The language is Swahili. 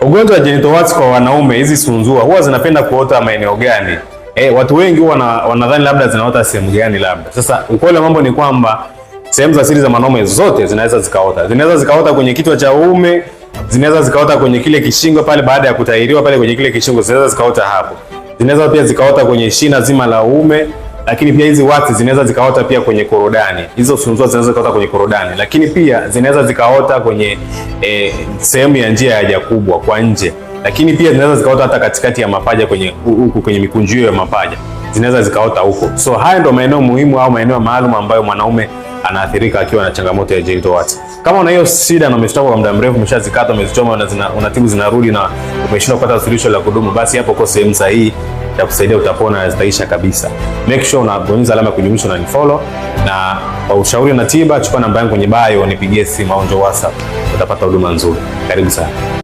Ugonjwa wa genital warts kwa wanaume, hizi sunzua huwa zinapenda kuota maeneo gani? E, watu wengi huwa wanadhani labda zinaota sehemu gani labda. Sasa ukweli wa mambo ni kwamba sehemu za siri za mwanaume zote zinaweza zikaota. Zinaweza zikaota kwenye kichwa cha uume, zinaweza zikaota kwenye kile kishingo pale baada ya kutahiriwa pale kwenye kile kishingo, zinaweza zikaota hapo. Zinaweza pia zikaota kwenye shina zima la uume lakini pia hizi wati zinaweza zikaota pia kwenye korodani, hizo sunzua zinaweza zikaota kwenye korodani, lakini pia zinaweza zikaota kwenye e, sehemu ya njia ya haja kubwa kwa nje, lakini pia zinaweza zikaota hata katikati ya mapaja kwenye huku kwenye mikunjio ya mapaja zinaweza zikaota huko. So haya ndo maeneo muhimu au maeneo maalum ambayo mwanaume anaathirika akiwa na changamoto ya JLTOAS. Kama una hiyo shida na umezitoka kwa muda mrefu, umeshazikata, umezichoma na zina, unatibu zinarudi na umeshindwa kupata suluhisho la kudumu, basi hapo uko sehemu sahihi ya kusaidia, utapona na zitaisha kabisa. Make sure unabonyeza alama ya kujumlisha na nifollow, na kwa ushauri na tiba chukua namba yangu kwenye bio, nipigie simu au njoo WhatsApp, utapata huduma nzuri. Karibu sana.